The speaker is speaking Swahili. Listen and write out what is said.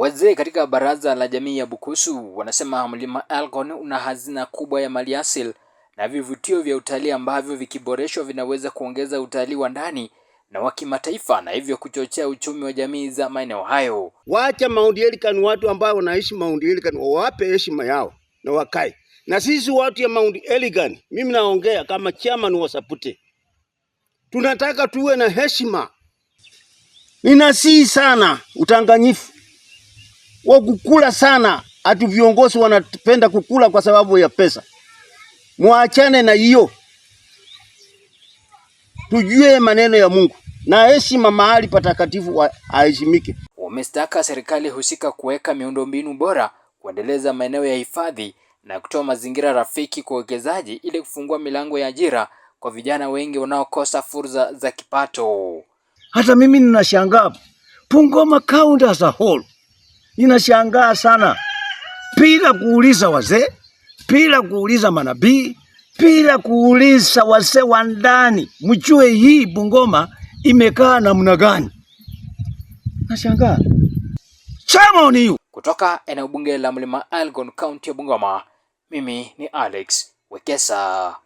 Wazee katika baraza la jamii ya Bukusu wanasema mlima Elgon una hazina kubwa ya maliasili na vivutio vya utalii ambavyo vikiboreshwa vinaweza kuongeza utalii wa ndani na wa kimataifa na hivyo kuchochea uchumi wa jamii za maeneo hayo. Wacha Mount Elgon, watu ambao wanaishi Mount Elgon wawape heshima yao na wakae na sisi watu ya Mount Elgon. Mimi naongea kama chairman wa Sapute, tunataka tuwe na heshima. Ninasii sana utanganyifu wa kukula sana. hatu viongozi wanapenda kukula kwa sababu ya pesa. Mwachane na hiyo, tujue maneno ya Mungu na heshima mahali patakatifu aheshimike. Wamestaka serikali husika kuweka miundombinu bora, kuendeleza maeneo ya hifadhi na kutoa mazingira rafiki kwa uwekezaji ili kufungua milango ya ajira kwa vijana wengi wanaokosa fursa za kipato. Hata mimi ninashangaa Bungoma County as a whole Ninashangaa sana bila kuuliza wazee, bila kuuliza manabii, bila kuuliza wazee wa ndani, mjue hii Bungoma imekaa namna gani. Nashangaa. Chama ni kutoka eneo bunge la Mlima Elgon, kaunti ya Bungoma. Mimi ni Alex Wekesa.